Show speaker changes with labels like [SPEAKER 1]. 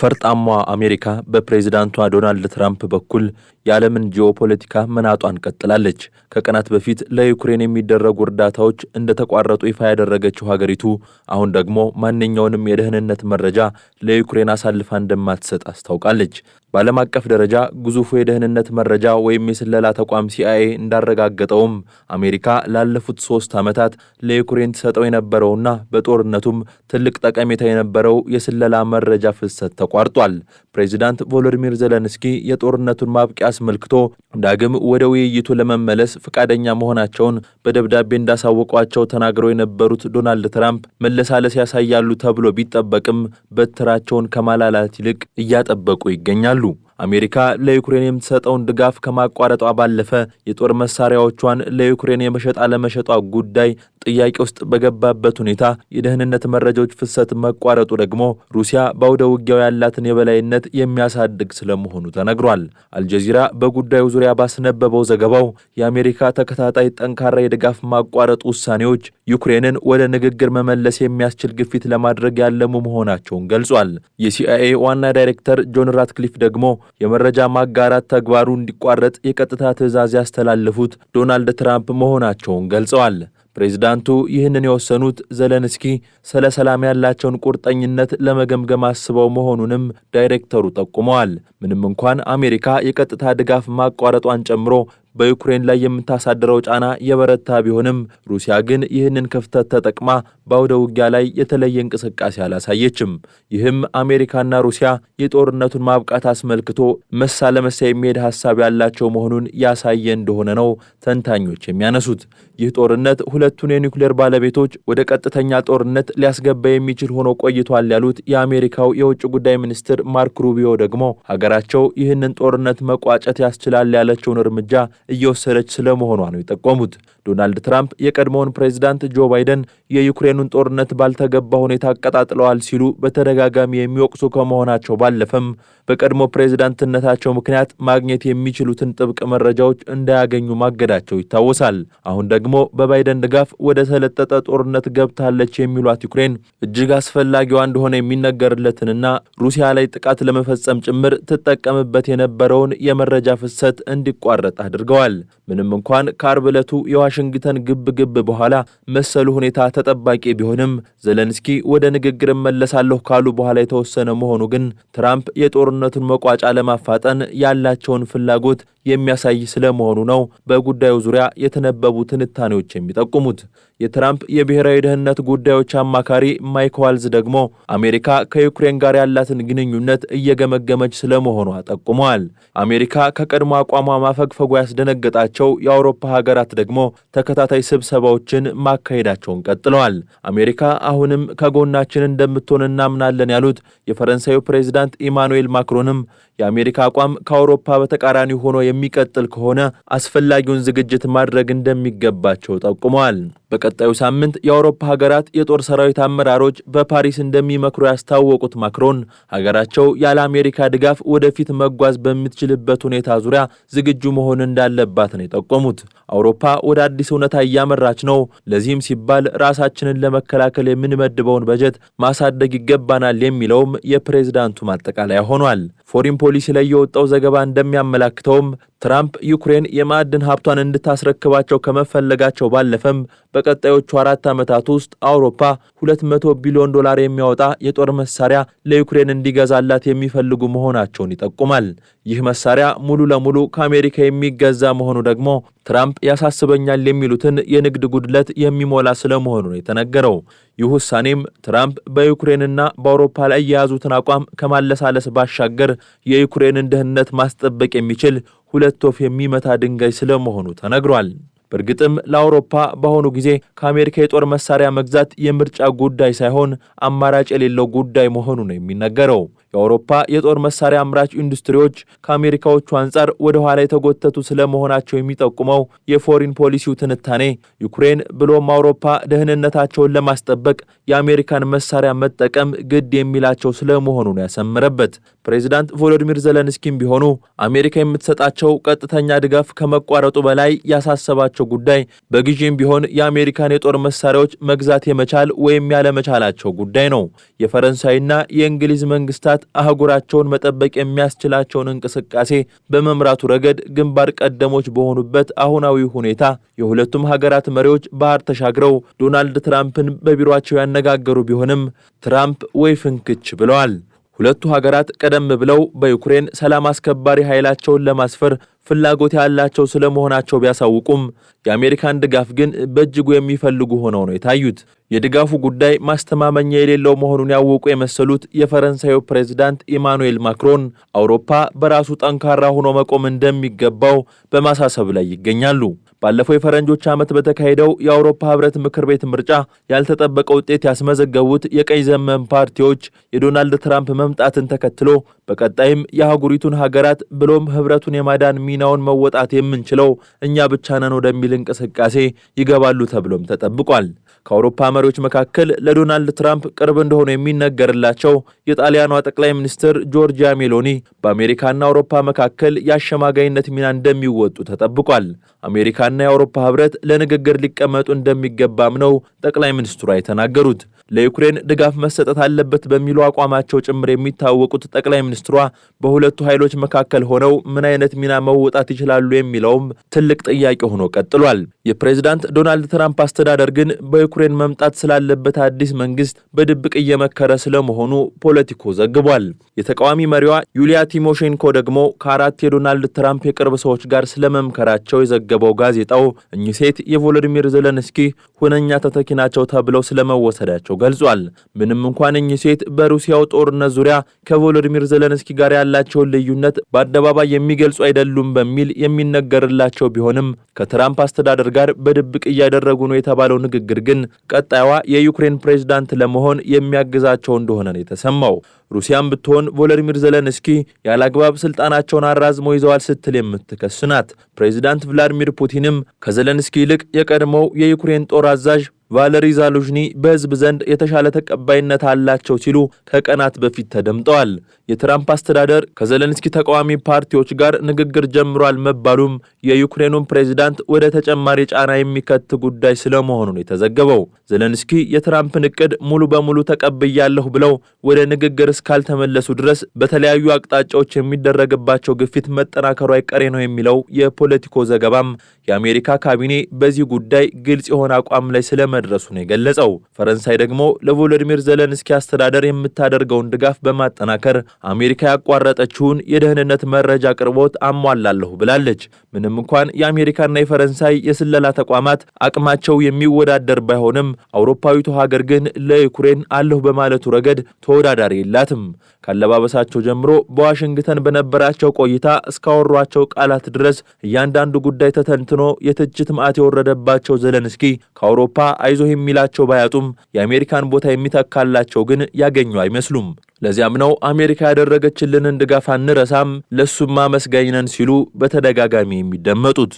[SPEAKER 1] ፈርጣሟ አሜሪካ በፕሬዚዳንቷ ዶናልድ ትራምፕ በኩል የዓለምን ጂኦፖለቲካ መናጧን ቀጥላለች። ከቀናት በፊት ለዩክሬን የሚደረጉ እርዳታዎች እንደተቋረጡ ይፋ ያደረገችው ሀገሪቱ አሁን ደግሞ ማንኛውንም የደህንነት መረጃ ለዩክሬን አሳልፋ እንደማትሰጥ አስታውቃለች። በዓለም አቀፍ ደረጃ ግዙፉ የደህንነት መረጃ ወይም የስለላ ተቋም ሲአይኤ እንዳረጋገጠውም አሜሪካ ላለፉት ሶስት ዓመታት ለዩክሬን ትሰጠው የነበረውና በጦርነቱም ትልቅ ጠቀሜታ የነበረው የስለላ መረጃ ፍሰት ተቋርጧል። ፕሬዚዳንት ቮሎዲሚር ዘለንስኪ የጦርነቱን ማብቂያ አስመልክቶ ዳግም ወደ ውይይቱ ለመመለስ ፈቃደኛ መሆናቸውን በደብዳቤ እንዳሳወቋቸው ተናግረው የነበሩት ዶናልድ ትራምፕ መለሳለስ ያሳያሉ ተብሎ ቢጠበቅም በትራቸውን ከማላላት ይልቅ እያጠበቁ ይገኛሉ። አሜሪካ ለዩክሬን የምትሰጠውን ድጋፍ ከማቋረጧ ባለፈ የጦር መሳሪያዎቿን ለዩክሬን የመሸጥ አለመሸጧ ጉዳይ ጥያቄ ውስጥ በገባበት ሁኔታ የደህንነት መረጃዎች ፍሰት መቋረጡ ደግሞ ሩሲያ በአውደ ውጊያው ያላትን የበላይነት የሚያሳድግ ስለመሆኑ ተነግሯል። አልጀዚራ በጉዳዩ ዙሪያ ባስነበበው ዘገባው የአሜሪካ ተከታታይ ጠንካራ የድጋፍ ማቋረጥ ውሳኔዎች ዩክሬንን ወደ ንግግር መመለስ የሚያስችል ግፊት ለማድረግ ያለሙ መሆናቸውን ገልጿል። የሲአይኤ ዋና ዳይሬክተር ጆን ራትክሊፍ ደግሞ የመረጃ ማጋራት ተግባሩ እንዲቋረጥ የቀጥታ ትዕዛዝ ያስተላለፉት ዶናልድ ትራምፕ መሆናቸውን ገልጸዋል። ፕሬዚዳንቱ ይህንን የወሰኑት ዘለንስኪ ስለ ሰላም ያላቸውን ቁርጠኝነት ለመገምገም አስበው መሆኑንም ዳይሬክተሩ ጠቁመዋል። ምንም እንኳን አሜሪካ የቀጥታ ድጋፍ ማቋረጧን ጨምሮ በዩክሬን ላይ የምታሳድረው ጫና የበረታ ቢሆንም ሩሲያ ግን ይህንን ክፍተት ተጠቅማ በአውደ ውጊያ ላይ የተለየ እንቅስቃሴ አላሳየችም። ይህም አሜሪካና ሩሲያ የጦርነቱን ማብቃት አስመልክቶ መሳ ለመሳ የሚሄድ ሀሳብ ያላቸው መሆኑን ያሳየ እንደሆነ ነው ተንታኞች የሚያነሱት። ይህ ጦርነት ሁለቱን የኒውክሌር ባለቤቶች ወደ ቀጥተኛ ጦርነት ሊያስገባ የሚችል ሆኖ ቆይቷል ያሉት የአሜሪካው የውጭ ጉዳይ ሚኒስትር ማርክ ሩቢዮ ደግሞ ሀገራቸው ይህንን ጦርነት መቋጨት ያስችላል ያለችውን እርምጃ እየወሰደች ስለመሆኗ ነው የጠቆሙት። ዶናልድ ትራምፕ የቀድሞውን ፕሬዚዳንት ጆ ባይደን የዩክሬኑን ጦርነት ባልተገባ ሁኔታ አቀጣጥለዋል ሲሉ በተደጋጋሚ የሚወቅሱ ከመሆናቸው ባለፈም በቀድሞ ፕሬዝዳንትነታቸው ምክንያት ማግኘት የሚችሉትን ጥብቅ መረጃዎች እንዳያገኙ ማገዳቸው ይታወሳል። አሁን ደግሞ በባይደን ድጋፍ ወደ ሰለጠጠ ጦርነት ገብታለች የሚሏት ዩክሬን እጅግ አስፈላጊዋ እንደሆነ የሚነገርለትንና ሩሲያ ላይ ጥቃት ለመፈጸም ጭምር ትጠቀምበት የነበረውን የመረጃ ፍሰት እንዲቋረጥ አድርገዋል። ተናግረዋል። ምንም እንኳን ከአርብ ዕለቱ የዋሽንግተን ግብ ግብ በኋላ መሰሉ ሁኔታ ተጠባቂ ቢሆንም ዘለንስኪ ወደ ንግግር እመለሳለሁ ካሉ በኋላ የተወሰነ መሆኑ ግን ትራምፕ የጦርነቱን መቋጫ ለማፋጠን ያላቸውን ፍላጎት የሚያሳይ ስለመሆኑ ነው በጉዳዩ ዙሪያ የተነበቡ ትንታኔዎች የሚጠቁሙት። የትራምፕ የብሔራዊ ደህንነት ጉዳዮች አማካሪ ማይክ ዋልዝ ደግሞ አሜሪካ ከዩክሬን ጋር ያላትን ግንኙነት እየገመገመች ስለመሆኗ ጠቁመዋል። አሜሪካ ከቀድሞ አቋሟ ማፈግፈጉ ያስደነገጣቸው የአውሮፓ ሀገራት ደግሞ ተከታታይ ስብሰባዎችን ማካሄዳቸውን ቀጥለዋል። አሜሪካ አሁንም ከጎናችን እንደምትሆን እናምናለን ያሉት የፈረንሳዩ ፕሬዚዳንት ኢማኑኤል ማክሮንም የአሜሪካ አቋም ከአውሮፓ በተቃራኒ ሆኖ የሚቀጥል ከሆነ አስፈላጊውን ዝግጅት ማድረግ እንደሚገባቸው ጠቁመዋል። በቀጣዩ ሳምንት የአውሮፓ ሀገራት የጦር ሰራዊት አመራሮች በፓሪስ እንደሚመክሩ ያስታወቁት ማክሮን ሀገራቸው ያለ አሜሪካ ድጋፍ ወደፊት መጓዝ በምትችልበት ሁኔታ ዙሪያ ዝግጁ መሆን እንዳለባት ነው የጠቆሙት። አውሮፓ ወደ አዲስ እውነታ እያመራች ነው። ለዚህም ሲባል ራሳችንን ለመከላከል የምንመድበውን በጀት ማሳደግ ይገባናል የሚለውም የፕሬዝዳንቱ ማጠቃለያ ሆኗል። ፎሪን ፖሊሲ ላይ የወጣው ዘገባ እንደሚያመላክተውም ትራምፕ ዩክሬን የማዕድን ሀብቷን እንድታስረክባቸው ከመፈለጋቸው ባለፈም በቀጣዮቹ አራት ዓመታት ውስጥ አውሮፓ 200 ቢሊዮን ዶላር የሚያወጣ የጦር መሳሪያ ለዩክሬን እንዲገዛላት የሚፈልጉ መሆናቸውን ይጠቁማል። ይህ መሳሪያ ሙሉ ለሙሉ ከአሜሪካ የሚገዛ መሆኑ ደግሞ ትራምፕ ያሳስበኛል የሚሉትን የንግድ ጉድለት የሚሞላ ስለመሆኑ ነው የተነገረው። ይህ ውሳኔም ትራምፕ በዩክሬንና በአውሮፓ ላይ የያዙትን አቋም ከማለሳለስ ባሻገር የዩክሬንን ደህንነት ማስጠበቅ የሚችል ሁለት ወፍ የሚመታ ድንጋይ ስለመሆኑ ተነግሯል። በእርግጥም ለአውሮፓ በአሁኑ ጊዜ ከአሜሪካ የጦር መሳሪያ መግዛት የምርጫ ጉዳይ ሳይሆን አማራጭ የሌለው ጉዳይ መሆኑ ነው የሚነገረው። የአውሮፓ የጦር መሳሪያ አምራች ኢንዱስትሪዎች ከአሜሪካዎቹ አንጻር ወደ ኋላ የተጎተቱ ስለመሆናቸው የሚጠቁመው የፎሪን ፖሊሲው ትንታኔ ዩክሬን ብሎም አውሮፓ ደህንነታቸውን ለማስጠበቅ የአሜሪካን መሳሪያ መጠቀም ግድ የሚላቸው ስለመሆኑ ነው ያሰምረበት። ፕሬዚዳንት ቮሎዲሚር ዘለንስኪም ቢሆኑ አሜሪካ የምትሰጣቸው ቀጥተኛ ድጋፍ ከመቋረጡ በላይ ያሳሰባቸው ያላቸው ጉዳይ በግዢም ቢሆን የአሜሪካን የጦር መሳሪያዎች መግዛት የመቻል ወይም ያለመቻላቸው ጉዳይ ነው። የፈረንሳይና የእንግሊዝ መንግስታት አህጉራቸውን መጠበቅ የሚያስችላቸውን እንቅስቃሴ በመምራቱ ረገድ ግንባር ቀደሞች በሆኑበት አሁናዊ ሁኔታ የሁለቱም ሀገራት መሪዎች ባህር ተሻግረው ዶናልድ ትራምፕን በቢሮቸው ያነጋገሩ ቢሆንም ትራምፕ ወይ ፍንክች ብለዋል። ሁለቱ ሀገራት ቀደም ብለው በዩክሬን ሰላም አስከባሪ ኃይላቸውን ለማስፈር ፍላጎት ያላቸው ስለመሆናቸው ቢያሳውቁም የአሜሪካን ድጋፍ ግን በእጅጉ የሚፈልጉ ሆነው ነው የታዩት። የድጋፉ ጉዳይ ማስተማመኛ የሌለው መሆኑን ያወቁ የመሰሉት የፈረንሳዩ ፕሬዝዳንት ኢማኑኤል ማክሮን አውሮፓ በራሱ ጠንካራ ሆኖ መቆም እንደሚገባው በማሳሰብ ላይ ይገኛሉ። ባለፈው የፈረንጆች ዓመት በተካሄደው የአውሮፓ ህብረት ምክር ቤት ምርጫ ያልተጠበቀ ውጤት ያስመዘገቡት የቀኝ ዘመም ፓርቲዎች የዶናልድ ትራምፕ መምጣትን ተከትሎ በቀጣይም የአህጉሪቱን ሀገራት ብሎም ህብረቱን የማዳን ሚናውን መወጣት የምንችለው እኛ ብቻ ነን ወደሚል እንቅስቃሴ ይገባሉ ተብሎም ተጠብቋል። ከአውሮፓ መሪዎች መካከል ለዶናልድ ትራምፕ ቅርብ እንደሆኑ የሚነገርላቸው የጣሊያኗ ጠቅላይ ሚኒስትር ጆርጂያ ሜሎኒ በአሜሪካና አውሮፓ መካከል የአሸማጋይነት ሚና እንደሚወጡ ተጠብቋል። አሜሪካ አሜሪካና የአውሮፓ ህብረት ለንግግር ሊቀመጡ እንደሚገባም ነው ጠቅላይ ሚኒስትሯ የተናገሩት። ለዩክሬን ድጋፍ መሰጠት አለበት በሚሉ አቋማቸው ጭምር የሚታወቁት ጠቅላይ ሚኒስትሯ በሁለቱ ኃይሎች መካከል ሆነው ምን አይነት ሚና መወጣት ይችላሉ የሚለውም ትልቅ ጥያቄ ሆኖ ቀጥሏል። የፕሬዚዳንት ዶናልድ ትራምፕ አስተዳደር ግን በዩክሬን መምጣት ስላለበት አዲስ መንግስት በድብቅ እየመከረ ስለመሆኑ ፖለቲኮ ዘግቧል። የተቃዋሚ መሪዋ ዩሊያ ቲሞሼንኮ ደግሞ ከአራት የዶናልድ ትራምፕ የቅርብ ሰዎች ጋር ስለመምከራቸው የዘገበው ጋዜጣው እኚህ ሴት የቮሎዲሚር ዘለንስኪ ሁነኛ ተተኪ ናቸው ተብለው ስለመወሰዳቸው ገልጿል። ምንም እንኳን እኚህ ሴት በሩሲያው ጦርነት ዙሪያ ከቮሎዲሚር ዘለንስኪ ጋር ያላቸውን ልዩነት በአደባባይ የሚገልጹ አይደሉም በሚል የሚነገርላቸው ቢሆንም ከትራምፕ አስተዳደር ጋር በድብቅ እያደረጉ ነው የተባለው ንግግር ግን ቀጣይዋ የዩክሬን ፕሬዝዳንት ለመሆን የሚያግዛቸው እንደሆነ ነው የተሰማው። ሩሲያም ብትሆን ቮሎዲሚር ዘለንስኪ ያለአግባብ ስልጣናቸውን አራዝመው ይዘዋል ስትል የምትከስ ናት። ፕሬዚዳንት ቭላዲሚር ፑቲንም ከዘለንስኪ ይልቅ የቀድሞው የዩክሬን ጦር አዛዥ ቫለሪ ዛሉዥኒ በህዝብ ዘንድ የተሻለ ተቀባይነት አላቸው ሲሉ ከቀናት በፊት ተደምጠዋል። የትራምፕ አስተዳደር ከዘለንስኪ ተቃዋሚ ፓርቲዎች ጋር ንግግር ጀምሯል መባሉም የዩክሬኑን ፕሬዚዳንት ወደ ተጨማሪ ጫና የሚከት ጉዳይ ስለመሆኑ ነው የተዘገበው። ዘለንስኪ የትራምፕን እቅድ ሙሉ በሙሉ ተቀብያለሁ ብለው ወደ ንግግር እስካልተመለሱ ድረስ በተለያዩ አቅጣጫዎች የሚደረግባቸው ግፊት መጠናከሩ አይቀሬ ነው የሚለው የፖለቲኮ ዘገባም የአሜሪካ ካቢኔ በዚህ ጉዳይ ግልጽ የሆነ አቋም ላይ ስለመ መድረሱን የገለጸው። ፈረንሳይ ደግሞ ለቮሎዲሚር ዘለንስኪ አስተዳደር የምታደርገውን ድጋፍ በማጠናከር አሜሪካ ያቋረጠችውን የደህንነት መረጃ አቅርቦት አሟላለሁ ብላለች። ምንም እንኳን የአሜሪካና የፈረንሳይ የስለላ ተቋማት አቅማቸው የሚወዳደር ባይሆንም አውሮፓዊቱ ሀገር ግን ለዩክሬን አለሁ በማለቱ ረገድ ተወዳዳሪ የላትም። ካለባበሳቸው ጀምሮ በዋሽንግተን በነበራቸው ቆይታ እስካወሯቸው ቃላት ድረስ እያንዳንዱ ጉዳይ ተተንትኖ የትችት ማዕት የወረደባቸው ዘለንስኪ ከአውሮፓ አይዞህ የሚላቸው ባያጡም የአሜሪካን ቦታ የሚተካላቸው ግን ያገኙ አይመስሉም። ለዚያም ነው አሜሪካ ያደረገችልንን ድጋፍ አንረሳም፣ ለሱም አመስጋኝ ነን ሲሉ በተደጋጋሚ የሚደመጡት።